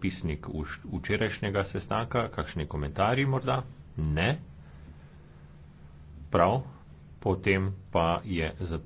zapisnik včerajšnjega sestanka, kakšni komentarji morda? Ne. Prav, potem pa je zapisnik.